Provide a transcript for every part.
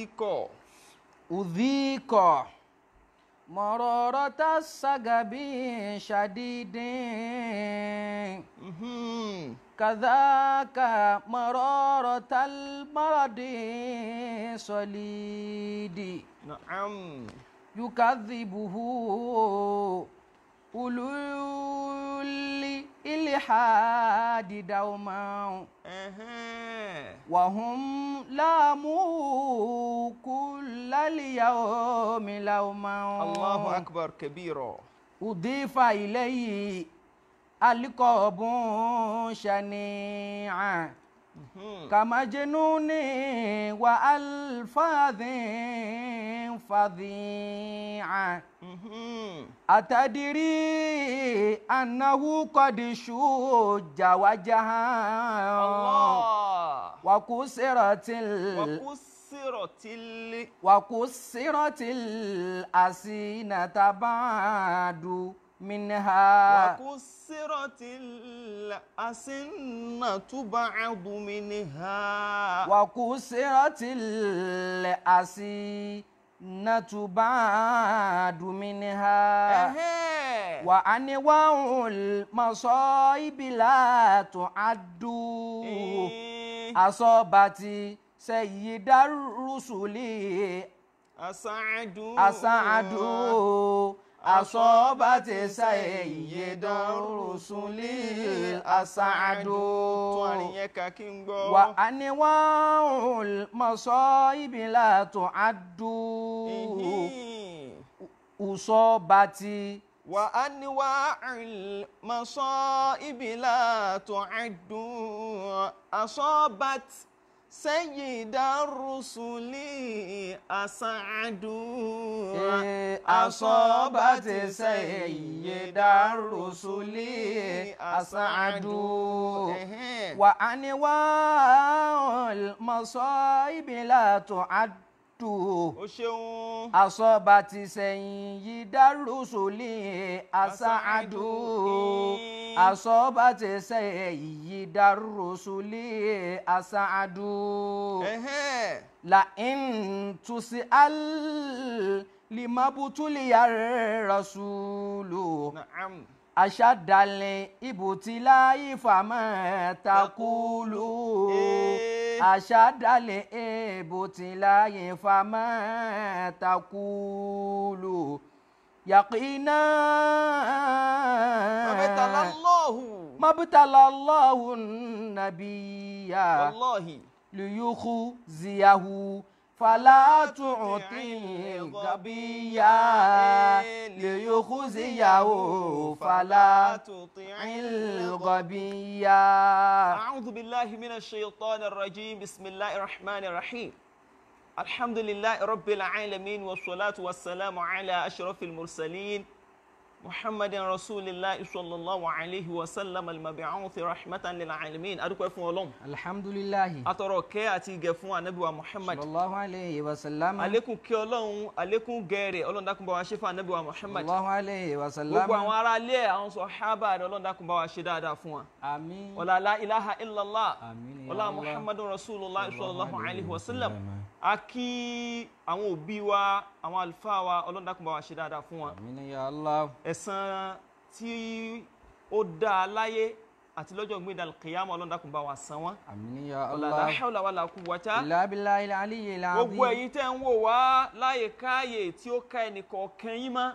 udhiko udhiko mọ̀rọ̀rọ̀ta sagabi ṣadidin mhm. kàdákà mọ̀rọ̀rọ̀ta maradi solidi yukadhibuhu ululi ilihadi daumaw wahum laamu kulaliyawomi laumaw. allahu akbar kabiro. udifa ilayi alikobun shani'a. كمجنون وألفاظ فظيعة أتدري أنه قد شج وجها وكسرت وكسرت الأسينة بعد منها وكسرت الأسنة بعض منها وكسرت الأسنة بعض منها وأنواع المصائب لا تعد أصابت سيد الرسل أسعد أسعد asọ́ba ti sa iye dọ́rùn sunlé asaado. tó àrùn yẹn ká kí n gbọ́. wà á ní wọ́n mọ̀sọ́ ibi ti. wà á ní wọ́n mọ̀sọ́ ibi látò àdó. asọ́ba ti. سيد الرسل أسعد أصابت سيد الرسل أسعد وأنواع المصائب لا تعد tù o. o ṣeun. àsọba ti sẹ́yìn yìí dárú sólì asáàdù o. àsọba ti sẹ́yìn yìí dárú sólì asáàdù. la in tusi al limabutuliya rasulu. na'am aṣadalẹ̀ ibùtílá ìfàmọ́ takulu eh. aṣadalẹ̀ ibùtílá ìfàmọ́ takulu yàqínà. mabitalallahu. mabitalallahu nabiya. wallahi. liyuku ziyahu fàlàtù ọ̀tìn gàbíyà lè yóò kú sí ìyàwó fàlàtù gàbíyà. a'udhu billahi minash shaitanir rajim bismillahir rahmanir rahim alhamdulillahi rabbil alamin wa salatu wa salamu ala ashrafil mursalin. محمد رسول الله صلى الله عليه وسلم المبعوث رحمة للعالمين أدوكو فون أولوم الحمد لله أترى كي أتي جفون النبي محمد صلى الله عليه وسلم عليكم كي أولوم عليكم غيري أولوم داكم بوا النبي محمد صلى الله عليه وسلم وقوة وارا لي أون صحابة أولوم داكم بوا دافون آمين ولا لا إله إلا الله آمين ولا محمد رسول الله صلى الله عليه وسلم a kí àwọn òbí wa àwọn àlùfáà wa ọlọ́run dákun bá wa ṣe dáadáa fún wa ẹ̀san tí ó dá a láyé àti lọ́jọ́ gbé dàl kìyàmù ọlọ́run dákun bá wa san wọ́n ọ̀làdá hàwùlà wà láàkú wájá gbogbo ẹ̀yin tẹ́ ń wò wá láyè káyè tí ó ká ẹnì yín mọ́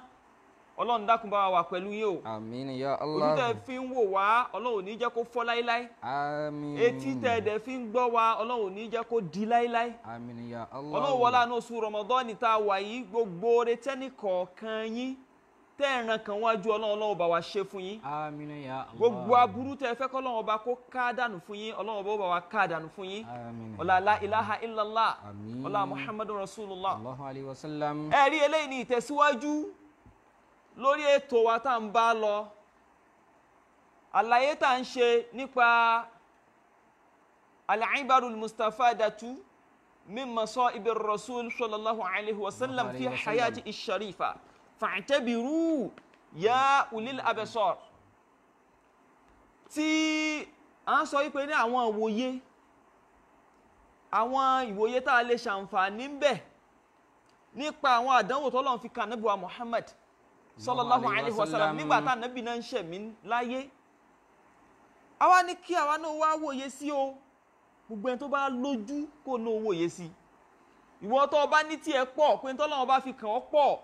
ọlọ́run dákun bá wà pẹ̀lú yín o. àmín ya Allah. ojú tẹ fi ń wò wá ọlọ́run ò ní jẹ́ kó fọ́ láíláí. àmín. etí tẹ dẹ̀ fi ń gbọ́ wá ọlọ́run ò ní jẹ́ kó di láíláí. àmín ya Allah. ọlọ́run wọlé àánú oṣù rọmọdọ́ọ̀nì tá a wà yìí gbogbo retẹ́nì kọ̀ọ̀kan yín tẹ́ ẹ̀ràn kan wájú ọlọ́run ọlọ́run bá wa ṣe fún yín. àmín ya Allah. gbogbo aburú tẹ fẹ́ kọ́lọ́run ọba kó ká la ilaha illallah. àmín. ọlá muhammadu rasulullah. allahu alayhi wa sallam. ẹ̀rí ni ìtẹ̀síwájú lórí ètò wa tá ń bá lọ àlàyé tá ń ṣe nípa al-ibarul mustafadatu min masaib ar-rasul sallallahu alayhi wa sallam fi hayati ash-sharifa fa'tabiru ya ulil abasar tí a ń sọ wípé ní àwọn ìwòye àwọn ìwòye tá a lè ṣàǹfààní ń nípa àwọn àdánwò tọ́lọ́run fi kàn níbùwà Muhammad sallallahu alayhi wa sallam nígbà tá ànábì náà ń ṣẹ̀mí láyé àwa ní kí àwa náà wá wòye sí o gbogbo ẹni tó bá lójú kó náà wòye sí ìwọ tó o bá ní tiẹ̀ pọ̀ pé ní tọ́lọ́wọ́n bá fi kàn ọ́ pọ̀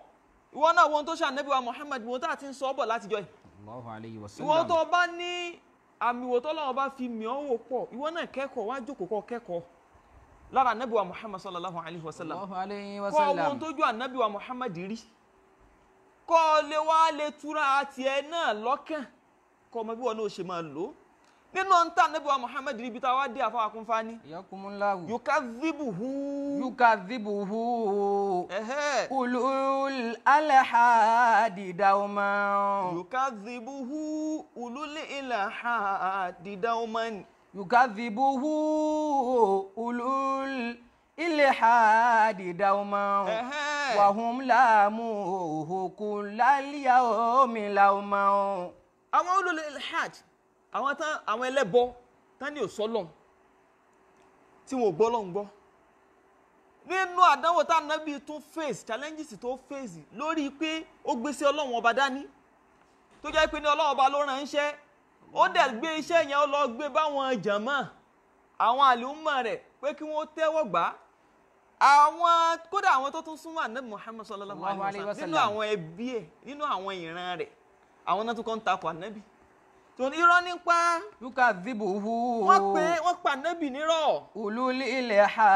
ìwọ náà wọn tó ṣe wa Muhammad wọn tá a ti ń sọ ọ́ bọ̀ látijọ́ yìí ìwọ tó o bá ní àmì ìwò tọ́lọ́wọ́n bá fi mìíràn wò pọ̀ ìwọ náà kẹ́kọ̀ọ́ wá jókòó kọ́ lára ànábì Muhammad sallallahu alayhi wa sallam kọ́ ohun tójú ànábì wa Muhammad rí kọ́ ọ lè wá lè túra àti ẹ náà lọ́kàn kọ́ ọmọ bí wọn náà ṣe máa lò ó nínú ọ̀ntà níbiwa Muhammad ríbi tá a wá dé àfọwọ́ akúnfani. ìyọkùnmúláwù. yukadhibuhu. yukadhibuhu. ulul alahadi dauman. yukadhibuhu ulul alahadi dauman. yukadhibuhu ulul ilhadi dauman wa hum lamuhu kullal yawmi lauman. àwọn olùlọ ilhad àwọn tán àwọn ẹlẹ́bọ tán ní òsọ́lọ̀ tí wọn ò gbọ́ lọ́n gbọ́ nínú àdánwò tá ànábì tún face challenges tó face lórí pé ó gbèsè ọlọ́run ọba dání tó jẹ́ pé ní ọlọ́run ọba ló ránṣẹ́ ó dẹ̀ gbé iṣẹ́ yẹn ó lọ gbé báwọn jàmá àwọn àlùmọ̀ rẹ̀ pé kí wọ́n tẹ́wọ́ gbà àwọn kódà àwọn tó tún súnmọ́ ànábì muhammed sallallahu alayhi wa sallam nínú àwọn ẹbí ẹ̀ nínú àwọn ìran rẹ̀ àwọn náà tún kọ́ ń takò ànábì tòun irọ́ nípa. luka zibu hu. wọ́n pe wọ́n pa ànábì nírọ́. olú ilẹ̀ ha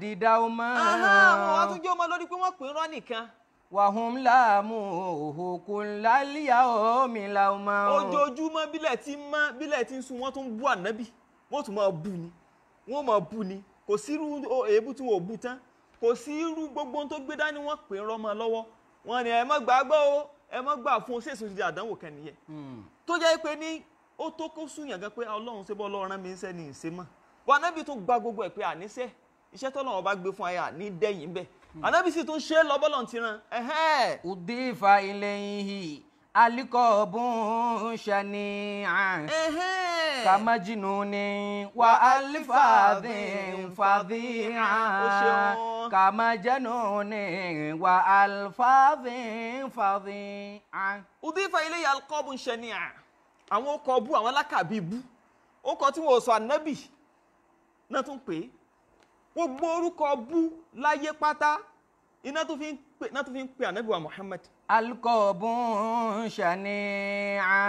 dídá o mọ́. àwọn atúnjẹ ọmọ lórí pé wọ́n pè é rọ́ nìkan. wàhùn láàmú òhòkùn lálíyà omi la o máa. ojoojúmọ́ bílẹ̀ tí ń mọ́ bílẹ̀ tí ń sun wọ́n tún bú ànábì wọ́n tún máa bú ni wọ́n máa bú ni kò sírú èébú tí wọ́n ò tán kò sí irú gbogbo tó gbé dání wọ́n pè é rọ́mọ lọ́wọ́ wọn ni ẹ mọ́ gbàgbọ́ o ẹ mọ́ gbà fún un ṣèṣù ti àdánwò kẹ́niyẹ. Hmm. tó jẹ́ pé ní ó tó kó yàn gan pé ah, ọlọ́run ṣe bọ́ ọlọ́run mi ń sẹ́ ni ìṣe mọ́ wọn anábì tó gba gbogbo ẹ̀ pé àníṣe iṣẹ́ tọ́lọ́run bá gbé fún ayé àní dẹ́yìn bẹ́ẹ̀ anábì hmm. sì tún ṣe lọ́bọ́lọ́ ti ran. udifa ilayhi alikobun shani'an kama jinuni wa alifadhin fadhi'an kama januni wa alifadhin fadhi'an. udifa ilayya alikobun shani'an àwọn ọkọ̀ bú àwọn alákàbí bú ó kọ tí wọn ò sọ ànábì náà tún pè é gbogbo orúkọ bú láyé pátá iná tó fi ń náà tó fi ń pe ànábì wa Muhammad. alukọ̀bùn ṣàní.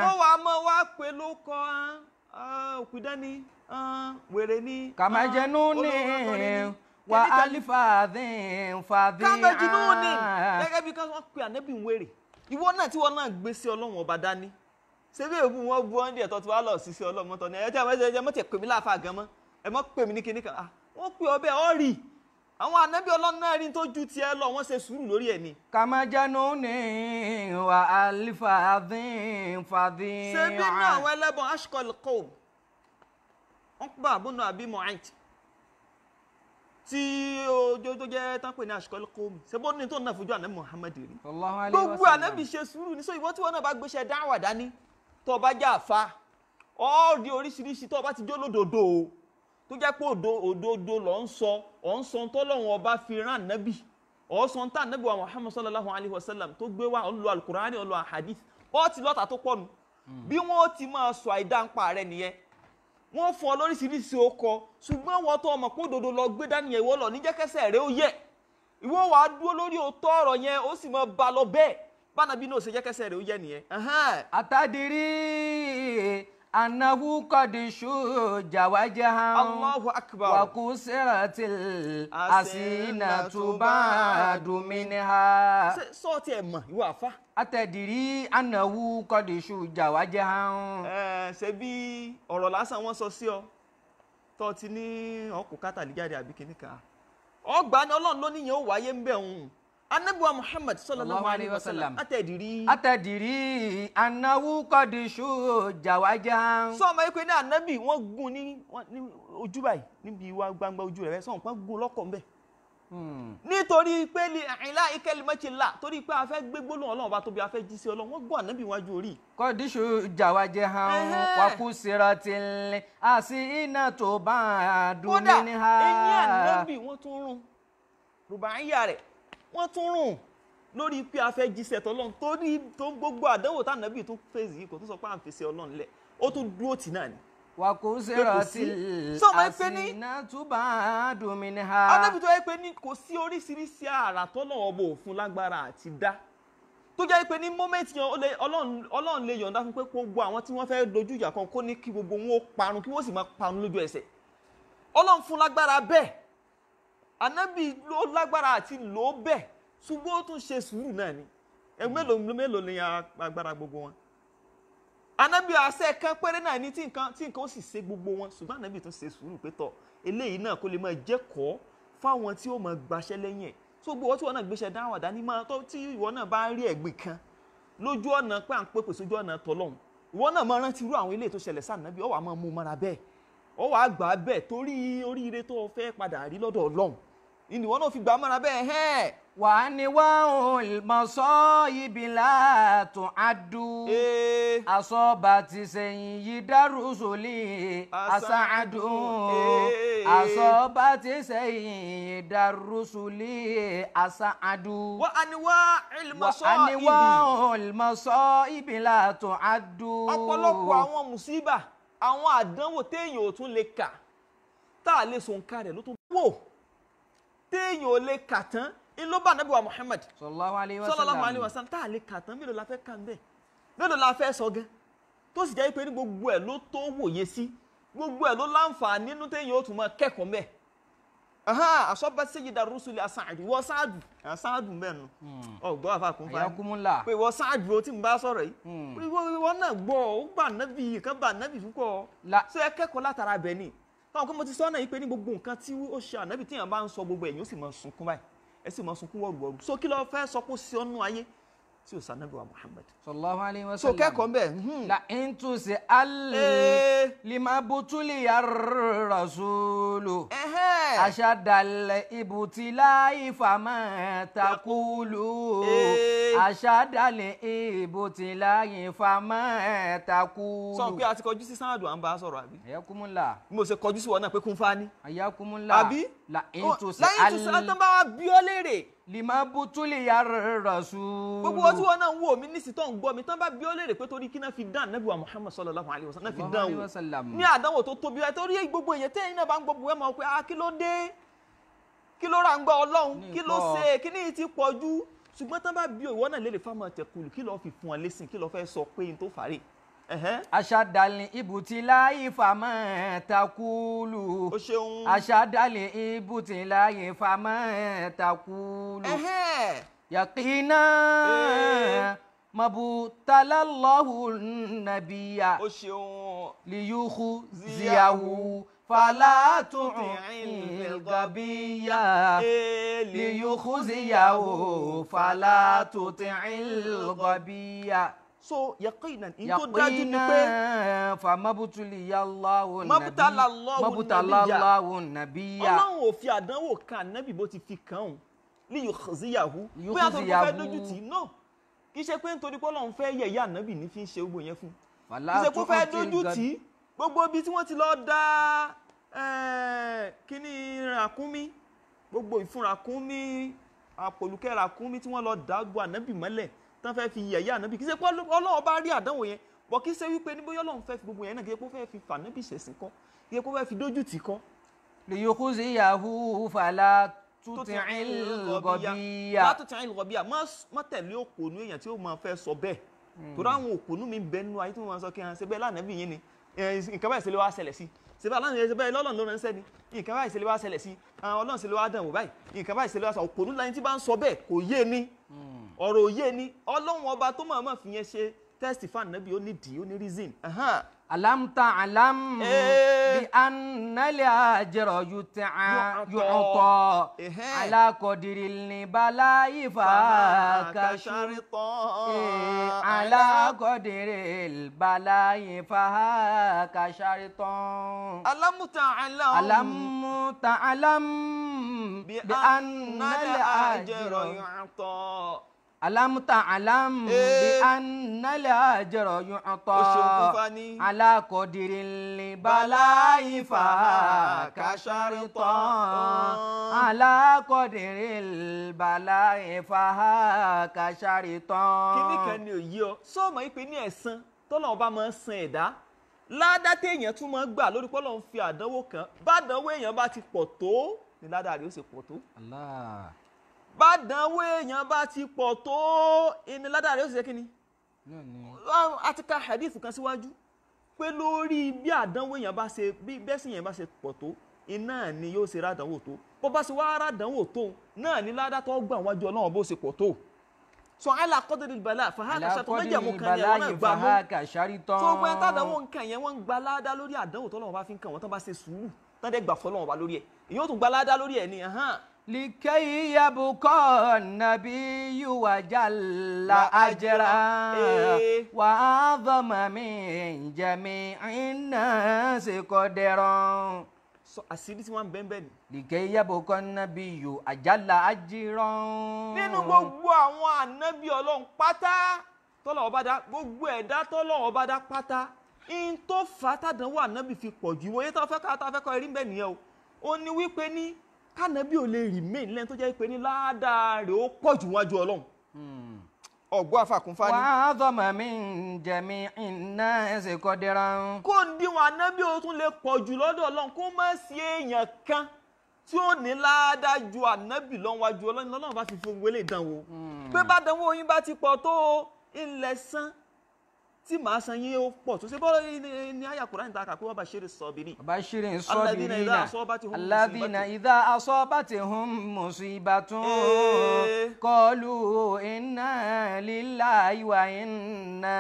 wọ́n wàá mọ wá pé ló kọ́ òkúdá ni wèrè ni. kàmájẹnú ni wà alifàdín fàdín. kàmájẹnú ni gẹ́gẹ́ bí wọ́n pe ànábì ń wèrè ìwọ náà tí wọ́n náà gbé sí ọlọ́run ọba dání ṣebí èbú wọn bu ọ́ndì ẹ̀tọ́ tí wàá lọ sí sí ọlọ́mọtọ́ ni ẹ̀yẹ́tì àwọn ẹ̀jẹ̀ mọ́tì ẹ̀ pè mí láàfà gan mọ́ ẹ̀ mọ́ pè mí ní kinní kan wọ́n pè ọbẹ̀ ọ́ọ̀rì àwọn ànábì ọlọ́run náà tó ju tiẹ̀ lọ wọ́n ṣe sùúrù lórí ẹ̀ ni. kàmájánú ni wà á fàdín fàdín. ṣebí náà àwọn ẹlẹ́bọn ashkol kom wọ́n pa àbúnà àbí mohant tí ojú tó jẹ́ ní ashkol kom ṣebí ó ní tó náà fojú ànábì muhammad rí. gbogbo ànábì ṣe sùúrù ní sọ ìwọ tí wọn náà bá gbéṣẹ́ dáwà dání tó o bá jẹ́ àfa ọ́ọ́ di oríṣiríṣi tó o bá ti jó lódodo o tó jẹ́ pé òdodo lọ ń sọ ọ̀ ń sọ tọ́lọ́run ọba fi rán nábì ọ̀ sọ tá nábì wa muhammad sallallahu alayhi wa sallam tó gbé wa ń lo alukurani ń lo ahadith ó ti lọ́ta tó pọ̀ nu hmm. bí wọ́n ti máa sọ àìdáǹpa rẹ nìyẹn wọ́n fún ọ lóríṣiríṣi okọ ṣùgbọ́n wọ́n tó ọmọ pé òdodo lọ gbé dání yẹn lọ níjẹ́kẹsẹ̀ rẹ ó yẹ ìwọ wàá dúró lórí òótọ́ ọ̀rọ̀ yẹn ó sì máa ba lọ bẹ́ẹ̀ bánàbí náà ṣe jẹ́kẹsẹ̀ rẹ ó yẹ nìyẹn. أنه قد شج وجهه الله أكبر وكسرت الأسنة بعد منها sọ́ọ̀tì ẹ̀ mọ̀ ìwọ àfa. Atediri ànáwó kọ́díṣù jàwájẹ́ hàn. Eh, ṣe bí ọ̀rọ̀ lásán wọ́n sọ sí ọ tó ti ní ọkùn kátàlí jáde àbí kìnnìkan ọgbà ni ọlọ́run ló níyẹn ó wáyé ń bẹ̀ anabiwa muhammad sallallahu Alaihi Wasallam Ata'diri Ata'diri atẹ̀dìrí anáwó kọ́díṣù jàwájà. sọ́ọ̀mọ́ ikú ní anabi wọ́n gún ní ojú báyìí níbi ìwà gbangba ojú rẹ̀ sọ́ọ̀mọ́ pọ́n gún lọ́kọ̀ ńbẹ̀. Hmm. nítorí pé ní àìlá ikẹ́lẹ́mẹ́tìlá torí pé a fẹ́ gbé gbólóhùn ọlọ́run bá tóbi a fẹ́ jí sí ọlọ́run wọ́n gún anabi wájú orí. kọ́díṣù jàwájà hàn wákú síra ti lè àti iná tó bá a dùn ní ha. kódà ẹ̀yìn anabi wọ́n tún rún rùbáyà rẹ̀ wọ́n tún rùn lórí pé a fẹ́ jíṣẹ́ tọ́lọ́run torí tó ń gbogbo àdánwò tá nàbí tó fèsì yìí kò tún sọ pé à ń fèsì ọlọ́run lẹ̀ ó tún dúró tì náà ni. wà kò sèrò sí àsìnàtúbà dùnmínà. ọlọ́bì tó yẹ pé ní kò sí oríṣiríṣi àrà tọ́lọ́run ọbọ̀ òfun lágbára àti dá tó jẹ́ pé ní mọ́mẹ́ǹtì yẹn ọlọ́run lè yọ̀ǹda fún pé gbogbo àwọn tí wọ́n fẹ́ dojú ìjà kan kó ní kí gbogbo wọn ó parun kí wọ́n sì máa parun lójú ẹsẹ̀ ọlọ́run fún lágbára bẹ́ẹ̀ ànábì ló lágbára àti lò ó bẹ́ẹ̀ ṣùgbọ́n ó tún ṣe sùúrù náà ni ẹ mélòó mélòó ni agbára gbogbo wọn ànábì àṣẹ kan péré náà ni tí nǹkan tí nǹkan ó sì ṣe gbogbo wọn ṣùgbọ́n ànábì tún ṣe sùúrù pé tọ̀ eléyìí náà kó lè máa jẹ́kọ̀ọ́ fáwọn tí ó máa gbaṣẹ́ lẹ́yìn ẹ̀ tó gbowó tí wọn náà gbéṣẹ́ dáhùn àdá ní máa tó tí ìwọ náà bá rí ẹ̀gbìn kan lójú ọ̀nà pé à ń pèpè sójú ọ̀nà tọlọ́hun ìwọ náà máa rántí irú àwọn ilé tó ṣẹlẹ̀ sáà nàbí ó máa mú mọ́ra bẹ́ẹ̀ ó wá bẹ́ẹ̀ torí oríire tó fẹ́ padà rí lọ́dọ̀ ọlọ́run ìníwọ́n náà fi gbà mọ́ra bẹ́ẹ̀ hẹ́ẹ̀. wà á ní wá olùmọ̀sọ́ ibi láàtún adú. àsọ̀bà ti sẹ̀yìn yìí dárú sólì àsáàdù. àsọ̀bà ti sẹ̀yìn yìí dárú sólì àsáàdù. wà á ní wá olùmọ̀sọ́ ibi. wà á ní wá olùmọ̀sọ́ ibi láàtún adú. ọ̀pọ̀lọpọ̀ àwọn mùsíbà àwọn àdánwò téèyàn ò tún lè kà tá a lè sọ̀ǹkà rẹ̀ ló tún wò téèyàn ò lè kà tán ń ló bá anábìwá Muhammad sallallahu alayhi wa sallam tá a lè kà tán mélòó la fẹ́ kà ń bẹ̀ mélòó la fẹ́ sọ gan tó sì jẹ́ pé ní gbogbo ẹ̀ ló tó wòye sí gbogbo ẹ̀ ló láǹfààní nínú téèyàn ó tún máa kẹ́kọ̀ọ́ mẹ́ẹ̀ aha asọba sejida rusuli asaadu wọ saadu asaadu mẹnu hmm. ọgbọ afakun fa ayakumula pé wọ saadu o ti n bá sọ̀rọ̀ yìí pé hmm. wọ́n náà gbọ́ ọ gbà nábì kan bá nábì fún kọ́ ọ sọ ẹ kẹ́kọ̀ọ́ látara bẹ̀ ni táwọn kọ́ mo ti sọ náà yìí pé ní gbogbo nǹkan tí ó ṣe ànábì téèyàn bá ń sọ gbogbo ẹ̀yìn ó sì máa sunkún báyìí ẹ sì máa sunkún wọ̀rùwọ̀rù so kí ló fẹ́ sọ pé ó ṣe ayé tí o sanabi wa muhammad. sallallahu alayhi wa sallam hmm. eh. eh. so kẹ́kọ̀ọ́ bẹ́ẹ̀. la intu tún ṣe alẹ́ lima butuli ya rasulu. aṣadalẹ̀ ibutila ifama takulu. aṣadalẹ̀ ibutila ifama takulu. sọ pé a ti kọjú sí sanadu à ń bá a sọ̀rọ̀ àbí. ayakumula. mo ṣe kọjú sí wọn náà pé kún fani. ayakumula. àbí. la intu oh, tún ṣe la intu tún ṣe alẹ́ tó lima butuli ya rasul. gbogbo ọtí wọn náà ń wo mi nísìsiyìí tó ń gbọ́ mi tán bá bí ó léèrè pé torí kí náà fi dán nabi wa muhammad sallallahu alayhi wa sallam náà fi dán o ní àdánwò tó tóbi ẹ torí gbogbo èyẹ tẹ́yìn náà bá ń gbogbo ẹ mọ̀ pé ah, kí ló dé kí ló ra ń gbọ́ ọlọ́run kí ló ṣe kí ni ti pọ̀ ṣùgbọ́n tán bá bí ìwọ náà léèrè fáwọn tẹ̀kùlù kí ló fi fún ọ lẹ́sìn kí ló fẹ́ sọ pé n tó fàárẹ̀ aṣadàlẹ̀ ibùtìlá ìfàmọ́ takulu aṣadàlẹ̀ ibùtìlá ìfàmọ́ takulu yàkínà mabutalallahu nabiya liyuhu ziyahu falatutu ilgabiya liyuhu ziyahu falatutu ilgabiya so yakinan in tó dájú ni pé. yakinan fa mabutuli yalawo nabi mabutalawo nabiya ọlọ́run ò fi àdánwò kan ànábì bó ti fi kàn án liyu ziyahu pé àtọ́jú fẹ́ lójú tì í náà kì í ṣe pé nítorí pé ọlọ́run fẹ́ yẹ̀yẹ́ ànábì ní fi ń ṣe gbogbo yẹn fún un kì í ṣe pé ó fẹ́ tì gbogbo ibi tí wọ́n ti lọ dá eh, kíní ràkúnmí gbogbo ìfúnrakúnmí àpòlùkẹ́ ràkúnmí tí wọ́n lọ dá gbogbo ànábì mọ́lẹ̀ tán fẹ́ fi yẹ̀yẹ́ ànábì kì í ṣe pé ọlọ́run bá rí àdánwò yẹn bọ̀ kì í ṣe wípé níbo ọlọ́run fẹ́ fi gbogbo yẹn náà kì í ṣe pé ó fẹ́ fi fànábì ṣẹ̀sìn kọ́ kì í ṣe pé ó fẹ́ fi dójú tì kọ́. lèyókù sí yahoo fàlà tuntun ìlgọbíyà tuntun ìlgọbíyà má tẹ̀lé òkòónú èèyàn tí ó máa fẹ́ sọ bẹ́ẹ̀ hmm. torí àwọn òkòónú mi bẹ́ẹ̀ nínú ayé tí wọ́n sọ kí wọ́n ṣe bẹ́ẹ̀ lánàbì yín ni nǹkan báyìí ṣe lè wá ṣẹlẹ̀ sí sèbá aláǹdí ẹsẹ báyìí lọ́lọ́run ló ránṣẹ́ ni nǹkan báyìí ṣe lè wá ṣẹlẹ̀ sí ọlọ́run ṣe lè wá dàn wò báyìí nǹkan báyìí ṣe lè wá sọ òkòónú láyé tí bá ń sọ bẹ́ẹ̀ kò yé ni hmm ọ̀rọ̀ òye ni ọlọ́run ọba tó mọ̀ọ́mọ̀ fi yẹn ṣe test fan nabi ó ní dì ó ní reason. alam ta alam bi annali ajira yuta yuta ala kodiri ni bala ifa kasharita ala kodiri bala ifa kasharita. alam ta alam alam ta alam bi annali ajira yuta alam ta eh. alam bi annala ajra yu'ta ala qadirin li balai fa kasharta ala qadirin balai fa kasharta. kíní kan ni òye ọ sọmọ ìpè ní ẹ̀san tọ́lọ́run bá máa ń san ẹ̀dá ládá téèyàn tún máa ń gbà lórí pọ́lọ́run fi àdánwò kan bá àdánwò èèyàn bá ti pọ̀ tó ni ládàá rẹ̀ ó sì pọ̀ tó. Allah bádànwó èèyàn bá ti pọ̀ tó ẹni ládàrí ó sì ṣe kí ni a ti ka hadith kan síwájú pé lórí bí àdánwó èèyàn bá ṣe bí bẹ́sì èèyàn bá ṣe pọ̀ tó iná ni yóò ṣe rádànwó tó bó bá ṣe wá rádànwó tó náà ní ládàtọ̀ gbà wájú ọlọ́run bó ṣe pọ̀ tó so ala kọ́dọ̀dì bala fàhákà ṣàtọ̀ méjèèmú kan yẹn wọ́n gbà mú tó gbé tàdánwó nǹkan yẹn wọ́n gbà ládá lórí àdánwó tọ́lọ́run bá fi ń kàn wọ́n tán bá ṣe sùúrù tán dẹ́ gbà fọ́lọ́run bá lórí ẹ̀ èyí ó ládá lórí ẹ̀ ni لكي يبقى النبي وجل أجرا وأعظم من جميع الناس قدرا àṣírí tí wọ́n ń bẹ́ẹ̀ bẹ́ẹ̀ ni. lìkẹ́ yẹ́bù kan Nabi yò àjálà ajírán. nínú gbogbo àwọn ànábì ọlọ́run pátá tọ́lọ̀ ọba gbogbo ẹ̀dá tọ́lọ̀ ọba pátá in tó fà á tàdánwò ànábì fi pọ̀ jù wọ́n yé tó fẹ́ ká tó fẹ́ kọ́ erí bẹ́ẹ̀ nìyẹn o ó ní wípé ní kánábì ò lè remain lẹ́yìn tó jẹ́ pé ní ládàá rẹ̀ ó pọ̀ jù wájú ọlọ́run hmm. ọ̀gbọ́n afàkúnfà ni. wàá dọ̀mọ̀ mi ń jẹ̀mí iná ẹ̀sìn kọ́dẹ́ra. kó ń díwọ̀n anábì ó tún lè pọ̀ jù lọ́dọ̀ ọlọ́run kó má sí èèyàn kan tí ó ní ládàá ju anábì lọ́wájú ọlọ́run lọ́lọ́run bá fi fún wọlé ìdánwò. Hmm. pé bá dánwò yín bá ti pọ̀ tó ilẹ̀ sán tí màá san yín ó pọ̀ tó ṣe bọ́ ní àyà kúrò níta kà pé wọ́n bá ṣeré sọ́bìrì. bá ṣeré ń sọ́bìrì náà alábìnà ìdá asọ́bàtìhùn mùsíbàtún eh. kọlu iná lílá ìwà iná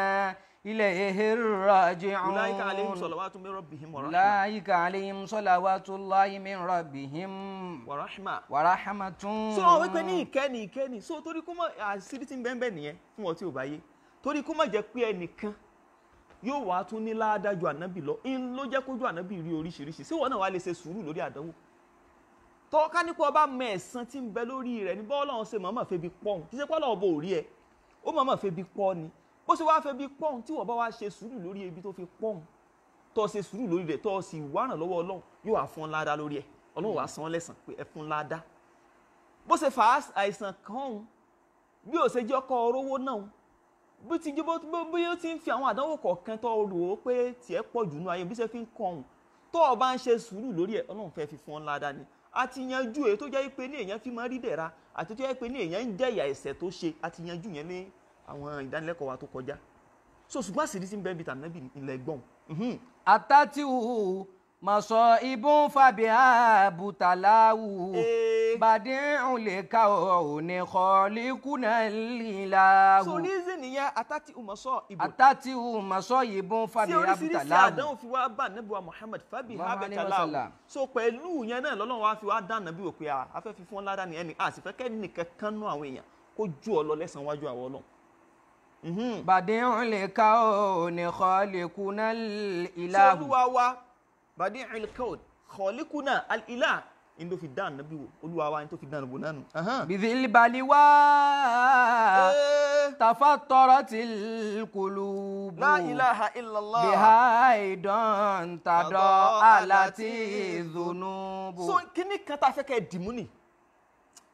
ilẹ̀ ìhìrọ̀jìun. láyìíká aleyhim sọ̀làwátú mi rọ̀bìhim wàràhìmà. láyìíká aleyhim sọ̀làwátú láyìí mi rọ̀bìhim. wàràhìmà. wàràhìmà tún. sọ wípé ní ìkẹ́ni ìkẹ́ni sọ torí kó mọ àṣírí tí ń bẹ́ẹ̀ bẹ́ẹ̀ nìyẹn fún ọtí ò bá torí kó má jẹ́ pé ẹnìkan yóò wá tún ní ládájú ànábì lọ ń ló jẹ́ kójú ànábì rí oríṣiríṣi síwọ́n náà wá lè ṣe sùúrù lórí àdánwò tọ́ka nípa ọba mọ ẹ̀san tí ń bẹ lórí rẹ̀ ní bọ́ọ̀lù ọ̀hún ṣe mọ̀ọ́mọ̀ febi pọ́n kì í ṣe pọ́ọ̀lù ọ̀bọ òrí ẹ̀ ó mọ̀ọ́mọ̀ febi pọ́n ni bó ṣe wá febi pọ́n tí wọ́n bá wá ṣe sùúrù lórí ebi tó fi pọ́n tó ṣe sùúrù lórí rẹ̀ tó sì wárán lọ́wọ́ ọlọ́run yóò wá fún ládá lórí ẹ̀ ọlọ́run wá san lẹ́san pé ẹ fún ládá bó ṣe fà àìsàn kan bí ó ṣe jẹ́ ọkọ̀ orówó náà bó ti jẹ́ bóyá ó ti ń fi àwọn àdánwò kọ̀ọ̀kan tó rò ó pé tiẹ̀ pọ̀ jù nú ayé bí ṣe fi ń kọ̀hún tó o bá ń ṣe sùúrù lórí ẹ̀ ọlọ́run fẹ́ fi fún ọ ńlá dání àti yanjú èyí tó jẹ́ pé ní èèyàn fi máa rí dẹ̀ra àti tó jẹ́ pé ní èèyàn ń jẹ̀yà ẹ̀ṣẹ̀ tó ṣe àti yanjú yẹn ní àwọn ìdánilẹ́kọ̀ọ́ wa tó kọjá so ṣùgbọ́n àṣírí ti ń bẹ́ẹ̀ bí tànàbì ilẹ̀ gbọ̀n mọ̀sọ̀ ibùn fàbíà bùtàláwù eh. bàdéhùn lè ka òní kọ́líkùnà líláwù. so reason nìyẹn àtàtì ùmọ̀sọ̀ ibùn. atati ùmọ̀sọ̀ ibùn fàbíà bùtàláwù. tí oríṣiríṣi àdánwò fi wá bá nẹ́bùwà Muhammad fàbí habetaláwù. so pẹ̀lú yẹn náà lọ́lọ́run wá fi wá dá nàbí òkè à afẹ́ ah, fi fún wọn ládàá nìyẹn ni a sì fẹ́ kẹ́ nìkan kan nú àwọn èèyàn kó ju ọ lọ lẹ́sàn-án wájú àwọn ọlọ́run bàdéhùn lè ka òní kọ́líkùnà líláwù. wa bàdí ilkod kọ̀ọ̀lẹ́kùnà alìlà in tó fi dá ànábì wò olúwa wa in tó fi dá ànábì wò nánu. bìbìlì baliwa tafa tọrọ ti kulubu. la ilaha illallah. biha idan tadọ alati zunubu. so kíní kan tá a fẹ́ kẹ́ ẹ dìmú ni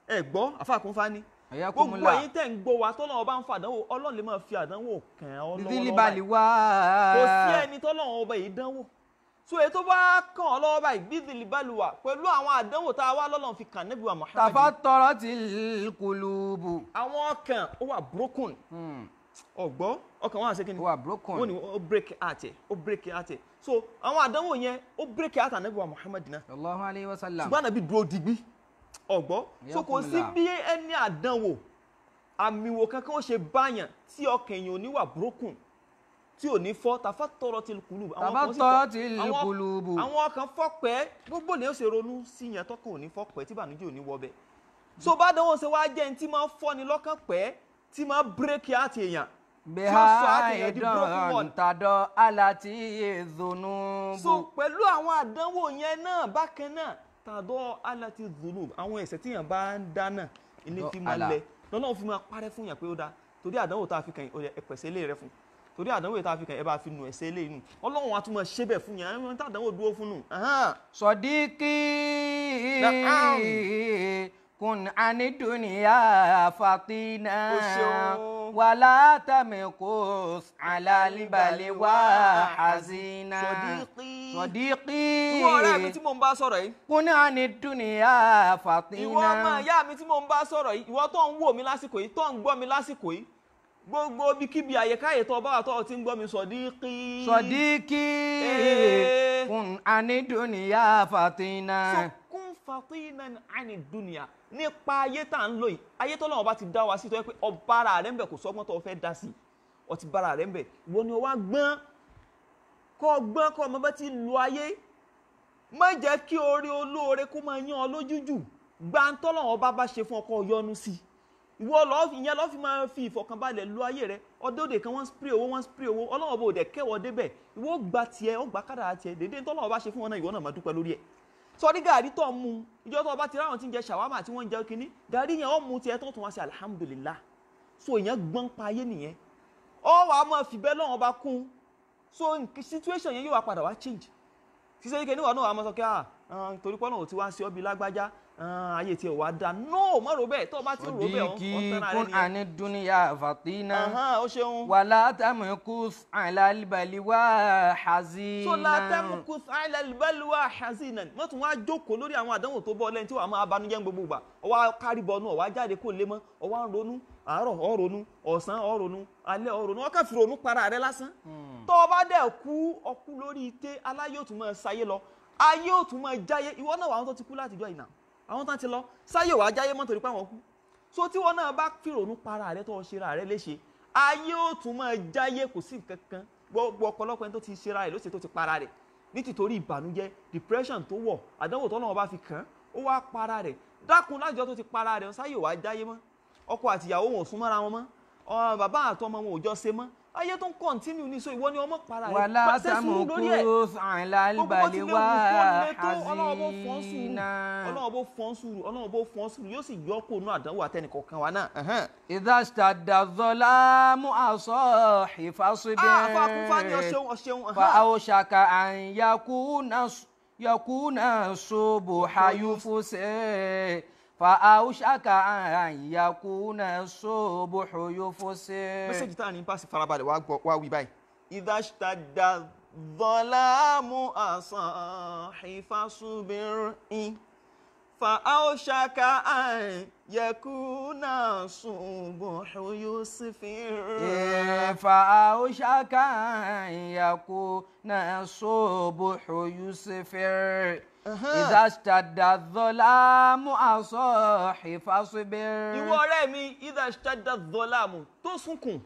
ẹ gbọ́ àfàkùn fani gbogbo ẹ̀yin tẹ́ ń gbọ́ wa tọ́lọ́run ọba ń fa àdánwò ọlọ́run fi àdánwò kàn án lọ́wọ́lọ́wọ́ báyìí kò sí ẹni tọ́lọ́run ọba yìí dánwò so èyí tó bá kàn ọ́ lọ́wọ́ báyìí bídìlì bálùwà pẹ̀lú àwọn àdánwò tá a wá lọ́lọ́run fi kàn níbi wa Muhammad. tàfà tọrọ ti kulubu. àwọn ọkàn ó wà broken. Hmm. ọ̀gbọ́ ọkàn wọn àṣẹ kí ni. ó wà broken. wọ́n ní ó break heart ẹ̀ ó break heart ẹ̀ so àwọn àdánwò yẹn ó break heart níbi wa Muhammad náà. Allahu alayhi wa sallam. ṣùgbọ́n àbí dúró digbí ọ̀gbọ́ so kò sí bí ẹni àdánwò àmìwò kankan ó ṣe báyàn tí ọkàn broken tí ò ní fọ́ tàfà tọrọ ti kùlù. bù. àwọn ọkàn fọ́pẹ́ gbogbo lè ṣe ronú sí yẹn tọkàn ò ní fọ́pẹ́ tí bànújẹ́ ò ní wọbẹ̀. so bá dánwò ṣe wá jẹ́ tí máa fọ́ni lọ́kàn pẹ́ tí máa bírèkì àti èèyàn. bẹ́ẹ̀ àìdán ntàdọ́ aláti ìdùnnú bù. so pẹ̀lú àwọn àdánwò yẹn náà bákan náà tàdọ́ aláti ìdùnnú àwọn ẹ̀ṣẹ̀ tíyàn bá ń dáná ilé fi máa lẹ lọ́nà òfin máa parẹ́ fún yàn pé ó dáa torí àdánwò tá a fi kàn ẹ̀ ilé rẹ fún un torí àdánwò ìta àfikàn ẹ bá fi nù ẹ ṣe eléyìí ọlọ́run wa tún máa ṣe bẹ́ẹ̀ fún yẹn ẹ máa ń dúró fún nù. sọdíkì kun aniduniya fatina wàlá tamikus alalibali wa hazina sọdíkì ìwọ ọ̀rẹ́ mi tí mò ń bá sọ̀rọ̀ yìí. kun aniduniya fatina. ìwọ ọmọ ìyá mi tí mò ń bá sọ̀rọ̀ yìí ìwọ tó ń wò mí lásìkò yìí tó ń gbọ́ mi lásìkò yìí gbogbo bí kíbi àyíkáyè tó bá àtọ́ ti ń gbọ́ mi sọ̀díkì. sọ̀díkì kun eh. aniduniya fatina. sọkún fatina aniduniya nípa ayé tá à ń lò yìí ayé tó lọ́wọ́ bá ti dá wa sí tó yẹ pé ọba ara rẹ̀ ń bẹ̀ kò sọ́gbọ́n tó fẹ́ dá sí ọtí bara rẹ̀ ń bẹ̀ wọ́n ni wọ́n gbọ́n kọ́ gbọ́n kọ́ ọmọ bá ti lo ayé má jẹ́ kí oore olóore kó máa yán ọ lójú gbàǹtọ́ lọ́wọ́ bá bá ṣe fún ọkọ̀ yọnu sí i ìwọ lọ ìyẹn lọ fi máa fi ìfọ̀kànbalẹ̀ lu ayé rẹ ọdẹ òde kan wọ́n spray owó wọ́n spray owó ọlọ́wọ́ bò dẹ̀ kẹwọ́ débẹ̀ ìwọ gba tiẹ̀ ó gba kádàá tiẹ̀ dédé tọ́lọ́wọ́ bá ṣe fún wọn náà ìwọ náà máa dúpẹ́ lórí ẹ̀ sọrí gàrí tó ń mu ìjọ tó bá ti ráwọn tí ń jẹ ṣàwámà tí wọ́n ń jẹ kínní gàrí yẹn ó mu tiẹ̀ tó tún wá sí alhamdulillah so ìyẹn gbọ́n pa ayé nìyẹn ó wàá máa fìbẹ́ lọ́wọ́n bá kún so situation yẹn yóò wá padà wá change sísẹ́ yìí kẹ́ níwọ̀n náà wàá máa sọ kí ah, ah torí pọ́nà ò ti wá sí ọbí lágbájá Ah, ayé tiẹ̀ wá dá no má ro bẹ́ẹ̀ tó o bá ti ro bẹ́ẹ̀ o tẹ́ra rẹ nìyẹn. ani duniya fatina. o ṣeun. wàlá tamukus alálìbàlíwá hazina. sọlá tamukus alálìbàlíwá hazina wọ́n tún wá jókòó lórí àwọn àdánwò tó bọ́ lẹ́yìn tí wàá máa banújẹ́ gbogbo gbà ọwọ́ kárí bọnú ọwọ́ ajáde kò lé mọ́ ọwọ́ ń ronú àárọ̀ ó ronú ọ̀sán ó ronú alẹ́ ó ronú wọ́n kàn fi ronú para rẹ lásán. Hmm. tó o bá dẹ̀ kú ọkú lórí ite aláyé òtún máa ṣayé lọ ayé òtún máa jáyé ìwọ náà wà wọn tó ti kú látijọ́ ìnáà àwọn tán ti lọ sáyé wàá jáyé mọ́ torí pé àwọn kú so tí wọn náà bá fìrònú para rẹ tó ṣera rẹ léṣe ayé ó tún máa jáyé kò sí nǹkan kan gbogbo ọ̀pọ̀lọpọ̀ ẹni tó ti ṣera rẹ lóṣè tó ti para rẹ nítìtorí ìbànújẹ́ depression tó wọ̀ àdánwò tọ́lọ́run bá fi kàn ó wá para rẹ̀ dákun lájọ tó ti para rẹ̀ sáyé wàá jáyé mọ́ ọkọ àtìyàwó wọn ò sún mọ́ra wọn mọ́ bàbá àtọmọ wọn ò jọ ṣe mọ́ ayé tó ń kọ́ntínú ní so ìwọ ni ọmọ para rẹ̀ pàṣẹ sùúrù lórí ẹ̀ gbogbo tí léwu fún mi tó ọlọ́wọ́ bó fọ́n sùúrù ọlọ́wọ́ bó fọ́n sùúrù ọlọ́wọ́ bó fọ́n sùúrù yóò sì yọ kó nú àdánwò àtẹnìkọ̀ kan wa náà. ìdásítàdàzọ́lá mú àṣọ ìfàṣíbẹ̀ fàáwọ̀ṣàkà àyàkú náà ṣubú hayúfúṣẹ́ fàáhùṣàkà àyàkúnà sóbùhù yóò fọ́sẹ̀. mẹ́sẹ̀jì táà ní pàṣẹ farabalẹ̀ wá wí báyìí ìdáṣítàdà ظلام أصاح فاصبر فأوشك أن يكون الصبح يسفر فأوشك أن يكون الصبح يسفر ìdàṣtàdàdọ́làmù àṣọ ìfàṣọbẹ̀rẹ̀. ìwọ ọ̀rẹ́ mi ìdàṣtàdàdọ́làmù tó sunkún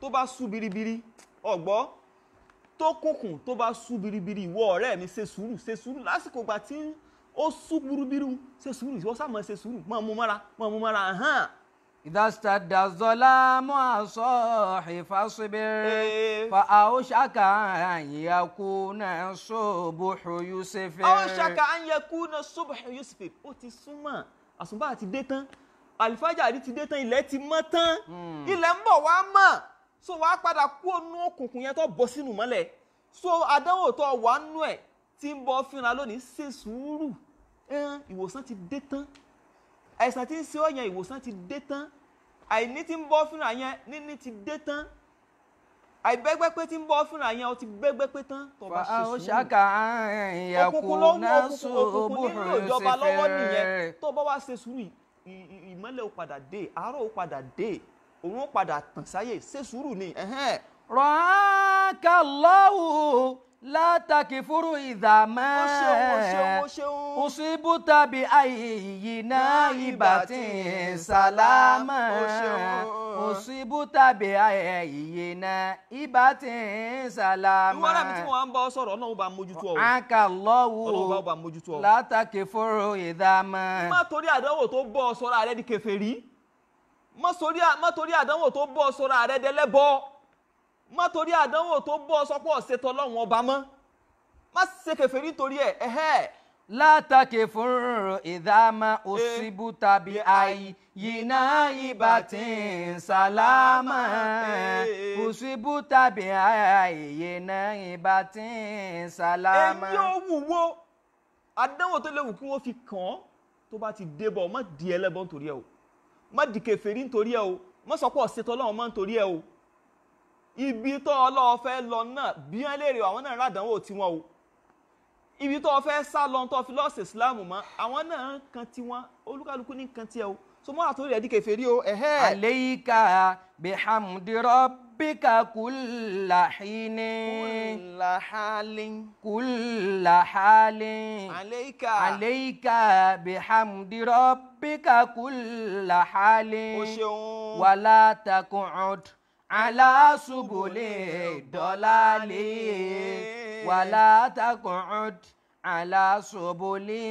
tó bá sú biribiri ọ̀gbọ́ tó kúnkùn tó bá sú biribiri ìwọ ọ̀rẹ́ mi ṣe sùúrù ṣe sùúrù lásìkò ìgbà tí ó sú birubiru ṣe sùúrù ìwọ sá máa ṣe sùúrù máa mú mára máa mú mára hàn ìdásítàdà zọlá mọ́ àṣọ ìfàṣibẹ̀rẹ̀ fa àwòṣàkà àyẹ̀kú náà ṣòbò yusufi. àwòṣàkà àyẹ̀kú náà ṣòbò yusufi ó ti súnmọ́ àsùnbà àti dé tán àlìfájà àdí ti dé tán ilẹ̀ ti mọ́ tán hmm. ilẹ̀ ń bọ̀ wá mọ̀ so wàá padà kú ònú òkùnkùn yẹn tó bọ́ sínú mọ́lẹ̀ so àdánwò tó wà nú ẹ̀ tí ń bọ́ fínra lónìí ṣe sùúrù ìwòsàn ti dé tán àìsàn ti ń ṣe ọ̀yàn ìwòsàn ti dé tán àìní tí ń bọ́ fúnra yẹn níní ti dé tán àìbẹ́gbẹ́ pé tí ń bọ́ fúnra yẹn ó ti bẹ́gbẹ́ pé tán tó bá ṣe sùúrù. ṣáka ìyàkùn náà sùn òbúrò sí fẹ́rẹ́. ìjọba lọ́wọ́ nìyẹn tó bá wá ṣe sùúrù ìmọ́lẹ̀ ó padà dé àárọ̀ ó padà dé òun ó padà tàn sáyé ṣe sùúrù ni. lọ́wọ́. látàkì fúru ìdààmú ọ̀sìnbù tàbí ayé yìí náà ibà tí ń sàlámà ọ̀sìnbù tàbí ayé yìí náà ibà tí ń sàlámà. ìwọ́n àmì tí wọ́n ń bá ọ sọ̀rọ̀ ọ̀nà òbá mójútó ọ. àǹkà lọ́wọ́ látàkì fúru ìdààmú. má torí àdánwò tó bọ́ ọ sọ́ra rẹ di kèfèrí má torí àdánwò tó bọ́ ọ sọ́ra rẹ dẹlẹ́bọ má torí àdánwò tó bọ́ sọ́pọ̀ ṣètò ọlọ́run ọba mọ́ má ṣe kẹfẹ́ nítorí ẹ̀ ẹ̀hẹ́. látàkì fún ìdámà òṣìbù tàbí àì yìnà ìbàtì sàlámà òṣìbù tàbí àì yìnà ìbàtì sàlámà. èyí ò wúwo àdánwò tó léwu kí wọ́n fi kàn án tó bá ti débọ̀ má di ẹlẹ́bọ̀ nítorí ẹ o má di kẹfẹ́ nítorí ẹ o má sọ́pọ̀ ṣètò ọlọ́run mọ́ nítorí ẹ o ibi tó ọlọ́ọ̀ fẹ́ lọ náà bí wọ́n lè rí àwọn náà ràdánwò tiwọn o ibi tó fẹ́ sá lọ tó fi lọ́ọ̀sì islam mọ́ àwọn náà ń kan tiwọn olúkálukú ní kan tiẹ̀ o so mọ́ àtúntò rẹ̀ di kèfèrí o. àléyíká bihamdirọ́ bíkà kùlàhíní. kùlàhálín. kùlàhálín. àléyíká. àléyíká bihamdirọ́ bíkà kùlàhálín. o aláṣubùlé dọ́lálé wàlá takùnrùd aláṣubùlé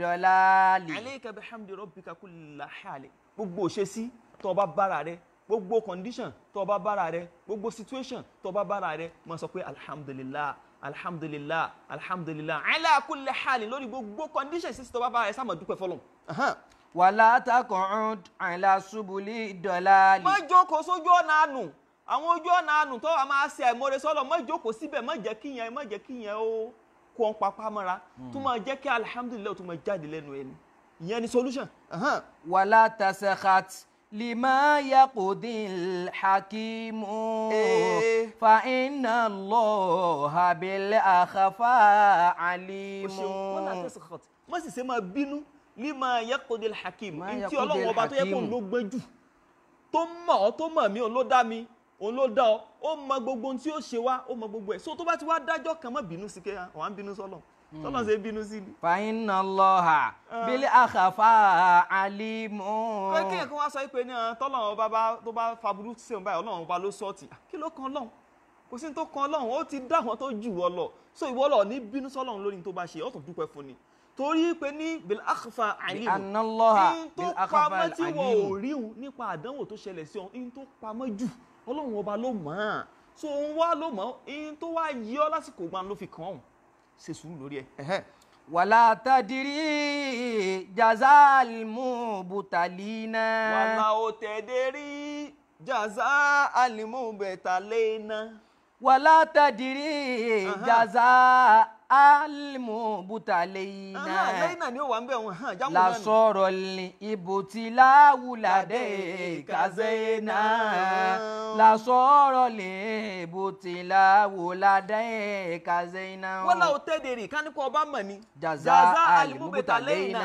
dọ́lálé. alayka bihamdi rabbika kulli hal gbogbo òṣèṣì tó bá bára rẹ gbogbo condition tó bá bára rẹ gbogbo situation tó bá bára rẹ máa sọ pé alhamdulillah alhamdulillah alhamdulillah ala kulli hal lórí gbogbo condition sísè tó bá bára rẹ sáà máa dúpẹ́ fọlọ́n. wàlá takùnrùd aláṣubùlé dọ́lálé. má jókòó sójú ọ̀nà àánú àwọn ojú ọ̀nà àánú tó wà máa ṣe àìmọ́re sọ́lọ̀ má jókòó síbẹ̀ má jẹ́ kíyẹn má jẹ́ kíyẹn ó kó ọ̀n papá mọ́ra hmm. tó máa jẹ́ kí alihamudulilayi tó máa jáde lẹ́nu ẹni ìyẹn ni solution. wàlá tasakat lima yakudin hakimu eh. fa inna allaha bil akhafa alimu. wàlá tasakat má sì ṣe máa bínú lima yakudin hakimu ntí ọlọ́wọ́ ọba tó yẹ kó ń lọ gbẹ́jù tó mọ̀ ọ́ tó mọ̀ mí ò ló dá mi òun ló dá ọ ó mọ gbogbo ohun tí ó ṣe wá ó mọ gbogbo ẹ̀ so tó bá ti wá dájọ́ kan má bínú sí kéèyàn wà ń bínú sọ́lọ̀ hmm. sọ́lọ̀ ṣe bínú sí ni. fàyínà lọ́hà bílẹ̀ àkàfà àlímọ́. pé kí nǹkan wá sọ pé ní ah, tọ́lọ́run bàbá tó bá faburú sí òun báyìí ọlọ́run bá ló sọ́ọ̀tì ah, kí ló kan ọlọ́run kò sí tó kan ọlọ́run ó ti dá àwọn tó jù ọ lọ so ìwọ lọ ní bínú sọ́lọ́run lórí tó bá ṣe ọ̀tún dúpẹ́ fún ni torí pé ní bilakhfa alimu in tó pamọ́ tí wọ́n ò ríhun ọlọ́run ọba ló mọ̀ ọ́n so òun wá ló mọ̀ ọ́n tó wá yí lásìkò gbọ́n ló fi kàn ọ́n ṣe sùúrù lórí ẹ̀. wàlá tadiri jazal mu butalina. wàlá o tẹ̀dẹ̀rí jazal mu butalina. wàlá tadiri jazal alimu butale ina la sọ̀rọ̀ lin ibuti lawulade kazena la sọ̀rọ̀ lin ibuti lawulade kazena. wọ́n láwọn tẹ́dẹ̀rì kánikọ́ ọba mọ̀ ni jaza alimu butale ina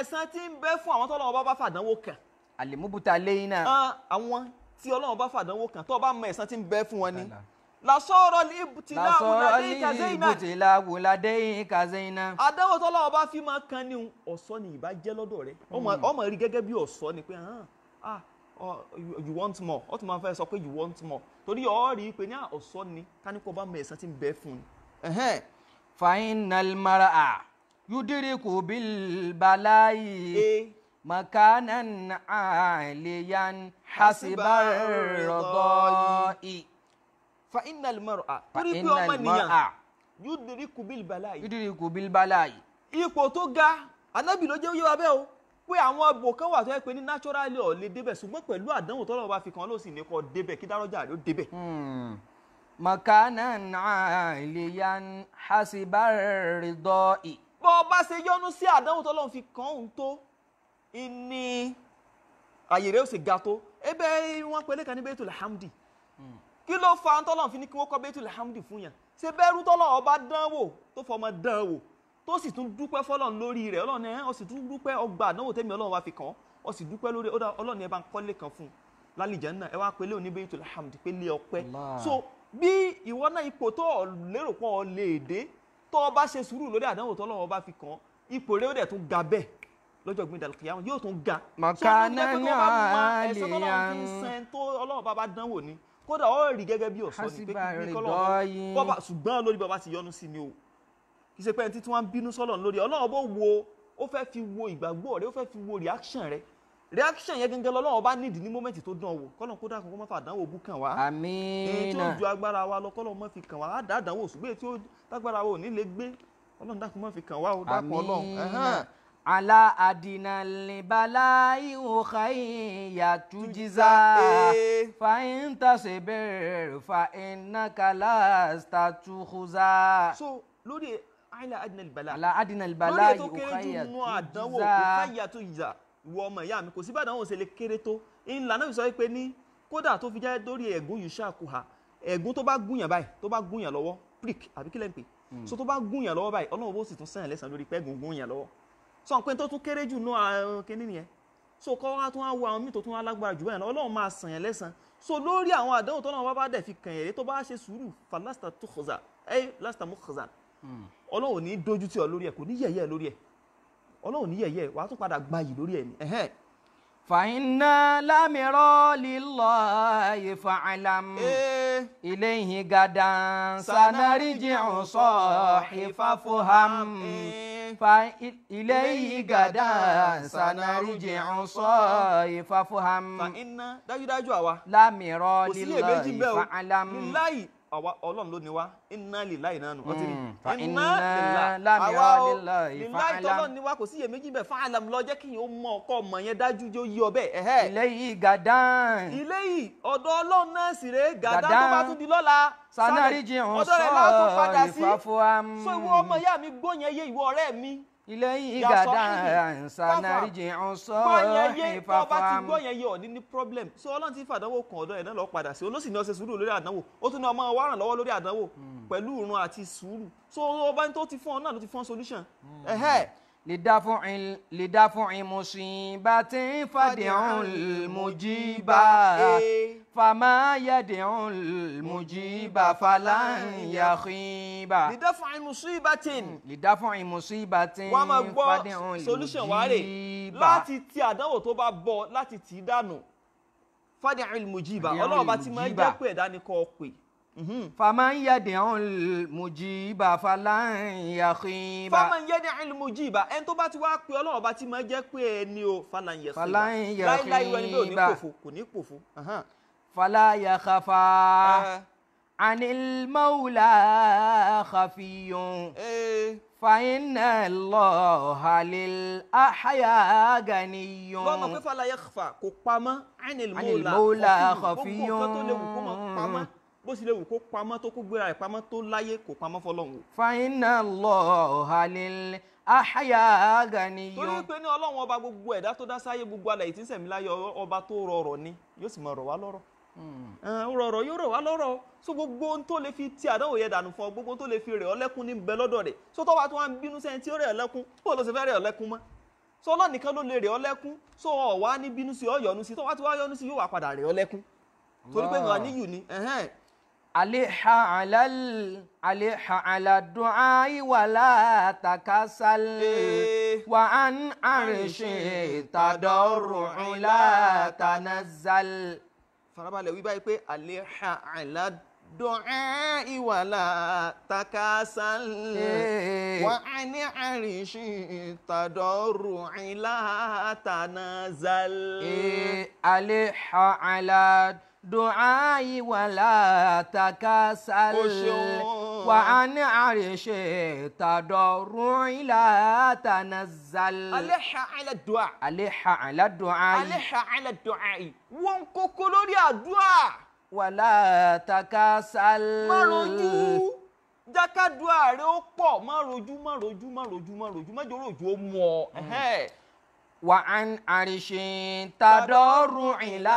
ẹ̀san tí ń bẹ fún àwọn tọ́lọ́wọ́ bá fàdánwò kàn. alimu butale ina. Ah, àwọn tí Ọlọ́run bá fàdánwò kàn tó bá mọ ẹ̀san tí ń bẹ fún wọn ni. Dada lasọ́rọ̀ ní ibùtìlá wùládé kazeyina. àdánwò tọ́lá ọba fi máa kan ní ọ̀sọ́ ni ìbá jẹ́ lọ́dọ̀ rẹ ọmọ hmm. rí gẹ́gẹ́ bí ni pé ah oh, you, want more ó tún máa fẹ́ you want more torí ọ̀ rí i pé ah, ní ọ̀sọ́ ni kánípọ̀ bá mọ ẹ̀sán ti ń bẹ final mara a yudiriku bil balayi e. makanan aliyan hasibar rọdọ yìí fa inna almar'a torí pé ọmọ nìyàn yudriku bil bala'i. yudriku bil bala'i. ipò tó ga anábì ló jẹ́ oyé wa bẹ́ẹ̀ o pé àwọn ọgbọ̀n kan wà tó yẹ pé ní naturally ọ̀ lè débẹ̀ ṣùgbọ́n pẹ̀lú àdánwò tọ́lọ́run bá fi kan ló sì ní kọ́ débẹ̀ kí dárọ́jà ló débẹ̀. Hmm. makanan aliyan hasibaridoi. bọ́ ọ bá ṣe yọnu sí àdánwò tọ́lọ́run fi kan òun tó ìní àyèrè ó sì ga tó ebe wọn pẹ̀lẹ́ kan níbi ètò alhamdi kí ló fa tọ́lọ́n fi ní kí wọ́n kọ́ bẹ́tù làhámdì fún yàn ṣe bẹ́rú tọ́lọ́n ọba dánwò tó fọmọ dánwò tó sì tún dúpẹ́ fọlọ́n lórí rẹ̀ ọlọ́run ẹ̀ ọ sì tún dúpẹ́ ọgbà àdánwò tẹ́mi ọlọ́run wa fi kàn ọ sì dúpẹ́ lórí ọlọ́run ẹ bá ń kọ́lé kan fún un lálìjánnà ẹ wá pé lé òní bẹ́tù làhámdì pé lé ọpẹ́ so bí ìwọ náà ipò tó lérò pọ̀ ọ lè dé tó o bá ṣe sùúrù lórí àdánwò tọ́lọ́run ọba fi kàn ipò rẹ̀ ó dẹ̀ tún ga bẹ́ẹ̀ lọ́jọ́ gbin dàlùkìyà yóò tún ga. màkà náà ní àlè yàn. ẹ̀sán tó lọ́wọ́ fi ń sẹ́ńtó ọlọ́run kódà ó rí gẹ́gẹ́ bí ọ̀sọ́ ni pé kí kọ́lọ́run bọ́bà ṣùgbọ́n lórí bàbá ti yọnu sí ni o kì í ṣe pé ẹni tí wọ́n ń bínú sọ́lọ̀ lórí ọlọ́run bó wo ó fẹ́ fi wo ìgbàgbọ́ rẹ ó fẹ́ fi wo reaction rẹ reaction yẹn gẹ́gẹ́ lọ́lọ́run bá nídìí ní moment tó dán wò kọ́lọ́run kódà kan kó má fà dánwò wá àmín èyí tí ju agbára wa lọ kọ́lọ́run má fi kàn wá á dá àdánwò ala adina libala iwukai ya tujiza eh. fa in tasibir fa inna kala statuhuza. so lórí ala adina libala ala adina libala iwukai ya tujiza lórí ètò kéré jù nù àdánwò iwukai ya tujiza ìwọ ọmọ ìyá mi kò sí bàdánwò ṣe lè kéré tó ńlá náà sọ pé ní kódà tó fi jẹ́ lórí ẹ̀gún yìí ṣàkóha ẹ̀gún tó bá gúnyàn báyìí tó bá gúnyàn lọ́wọ́ prick àbí kílẹ̀ ń pè hmm. so tó bá gúnyàn lọ́wọ́ báyìí ọlọ́run bó sì tún sẹ́yìn lẹ́sàn lórí pẹ́ẹ́gùn gúnyàn lọ́wọ́ sọ pé tó tún kéré jù náà àwọn kinní nìyẹn so kọ́ wá tún wá wo àwọn míì tó tún wá lágbára jù bẹ́ẹ̀ náà ọlọ́run máa sàn yẹn lẹ́sàn so lórí àwọn àdánwò tó náà wá bá dẹ̀ fi kàn yẹn tó bá ṣe sùúrù fa lásìtà tó xọ̀zà ẹ lásìtà mú xọ̀zà ọlọ́run ò ní dójú tì ọ lórí ẹ kò ní yẹ̀yẹ́ lórí ẹ ọlọ́run ò ní yẹ̀yẹ́ wàá tún padà gbayì lórí ẹ ni فإنا لمرى لله فاعلم إليه غدا سنرجع صاحب فهم فإليه غدا سنرجع صاحب فهم فإنا dájúdájú àwa لمرى لله فاعلم ọlọ́run ló ní wá iná líláì nánu ọtí ni iná líláì àwa ó líláì tọ́lọ́ ní wá kò sí iyèméjì bẹ́ẹ̀ fáàlà lọ jẹ́ kí n ó mọ ọkọ ọmọ yẹn dájú jó yí ọbẹ̀ ẹ̀hẹ́. ilé yìí gàdán. ilé yìí ọ̀dọ̀ ọlọ́run náà sì rèé gàdán tó bá tún di lọ́la. sanari jihun sọ ìfàfọ́ àmú. ọ̀dọ̀ rẹ̀ láwọn tó padà sí. so ìwọ ọmọ ìyá mi gbóyè iye ìwọ ọ̀rẹ́ mi ilé ìgàdá ǹsànàríjì ọ̀sọ́ ìfàfà. gbọ́ yẹn yẹ ọ̀ní ní problem so ọlọ́run ti fàdánwò kan ọ̀dọ́ ẹ̀ náà lọ padà sí olóṣì ní ó sùúrù lórí àdánwò ó tún ní ọmọ wa ràn lọ́wọ́ lórí àdánwò hmm. pẹ̀lú ìrun àti sùúrù so ọba tó ti fún ọ náà ló ti fún solution. lè dá fún ìmùsìn bá ti ń fàdé ọ̀hún mojí bá a. فما يدع المجيب فلن يخيب لدفع مصيبة لدفع مصيبة wọ́n máa gbọ́ solution wa rè láti ti àdánwò tó bá bọ̀ láti tì í dànù fadi ilmujiba ọlọ́ọ̀bá tí máa ń jẹ́ pé ẹ̀dá ni kò pè. Mhm. fama ń yẹ̀dẹ̀ ilmujiba falan yakhib. fama ń yẹ̀dẹ̀ ilmujiba ẹni tó bá ti wá pé ọlọ́ọ̀bá tí máa ń jẹ́ pé ẹni o falan yakhib láíláí wẹni bí ò ní pòfo kò ní pòfo. فلا يخفى عن المولى خفي فإن الله للأحياء غني. bọ́mọ̀ pé فلا يخفى kò pamọ́ عن المولى خفي gbogbo nǹkan tó léwu bó sì léwu kó pamọ́ tó kó gbéra ẹ̀ tó láyé kò pamọ́ fọlọ́hún. فإن الله للأحياء غني. torí pé ní ọlọ́run ọba gbogbo ẹ̀dá tó dá sáyé gbogbo alẹ̀ ìtísẹ̀mí láyé ọba tó rọrọ̀ ni yóò sì máa rọ̀ wá lọ́rọ̀ rọ̀rọ̀ yóò rọ̀ wá lọ́rọ̀ so gbogbo ohun tó lè fi ti àdánwò yẹn dànù fún ọ gbogbo ohun tó lè fi rẹ̀ ọ́ lẹ́kún ní bẹ lọ́dọ̀ rẹ̀ so tọ́wọ́ àti wọn bínú sẹ́yìn tí ó rẹ̀ ọ́ lẹ́kún bó ló ṣe fẹ́ rẹ̀ ọ́ lẹ́kún mọ́ so ọlọ́nìkan ló lè rẹ̀ ọ́ lẹ́kún so ọ̀ wá ní bínú sí ọ yọnu sí tọ́wọ́ àti wọn yọnu sí yóò wá padà rẹ̀ ọ́ lẹ́kún torí pé nǹkan níyù ni. aleha alal aleha aladu'a iwala takasal eh. wa an arishi tadọrùn la tanazal farabalẹ̀ wí báyìí pé àlẹ́ ha àìlá dọ̀ẹ́ ìwàlà takasálẹ̀ wà á ní àrìnṣì tàdọ̀rù ìlà tànàzálẹ̀. àlẹ́ ha àìlá dọ̀ẹ́ ìwàlà ṣeun wà á ní àrèṣe tàdọ̀rún ilà tanazal. aleha ala du'a. aleha ala du'a. aleha ala du'a yìí wọ́n kókó lórí àdúrà. wàlá takasal. má rojú jákàdúrà rẹ ó pọ̀ má rojú má rojú má rojú má rojú má jòrò ojú ó mú ọ mm. wa an arishin tadọrun ila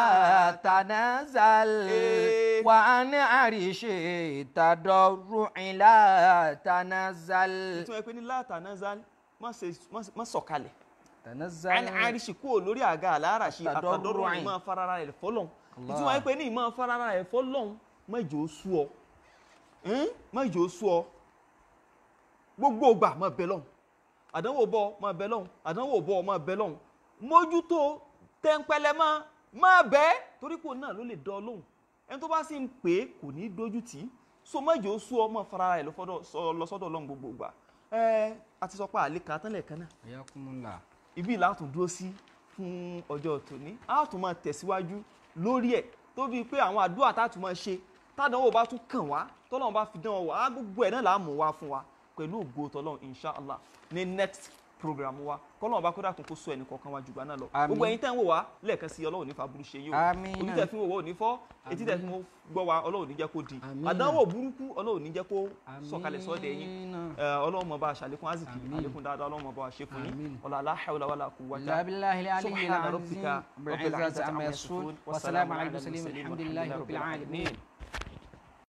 tanazal. Hey. Eh wà á ní àríṣe ìtàdọ̀ ruin látànázàl. ìtumọ̀ ẹ pé ní látànázàl má sọ̀kalẹ̀ àní àríṣe kúrò lórí àga àláràṣe àtàdọ̀ ruin máa farara rẹ̀ fọlọ́n ìtumọ̀ ẹ pé ní máa farara rẹ̀ fọlọ́n mẹ́jọ sú ọ mẹ́jọ sú ọ gbogbo ògbà máa bẹ lọ́hùn àdánwò bọ máa bẹ lọ́hùn àdánwò bọ máa bẹ lọ́hùn mójútó tẹ́ńpẹ́lẹ́ máa máa bẹ́ẹ̀ torí náà ló lè dán ọ ẹni tó bá sì ń pè é kò ní dójú tì í so mọ́jọ́ sú ọmọ fara rẹ̀ lọ sọ́dọ̀ ọlọ́run gbogbo ìgbà ẹ àti sọ pé àlè kan tán lẹ́ẹ̀kan náà. ẹ̀yà kún un là. ibi ìlà tún dúró sí fún ọjọ́ tòní a tún máa tẹ̀síwájú lórí ẹ̀ tó bíi pé àwọn àdúrà tá a tún máa ṣe tádánwò bá tún kàn wá tọ́lọ́run bá fi dán wa gbogbo ẹ̀ náà là á mú wa fún wa pẹ̀lú ògo tọ́lọ́run inshallah ní next program wa kọ́lọ́run bá kó dàkún kó sọ ẹnì kọ̀ọ̀kan wa jùgbọ́n náà lọ gbogbo ẹ̀yin tẹ́ ń wò wá lẹ́ẹ̀kan sí ọlọ́run nífa burú ṣe yín o ojú tẹ́ fi wò wá ò ní etí tẹ́ fi ń gbọ́ wa ọlọ́run ní jẹ́ kó di àdánwò burúkú ọlọ́run ní jẹ́ kó sọ̀kalẹ̀ sọ́dẹ̀ yín ọlọ́run mọ̀ bá a ṣàlékún azìkì àlékún dáadáa ọlọ́run mọ̀ bá a ṣe yín ọ̀là la hawla wala quwwata subhana rabbika rabbil izzati amma yasifun wa salamun ala al-mursalin walhamdulillahi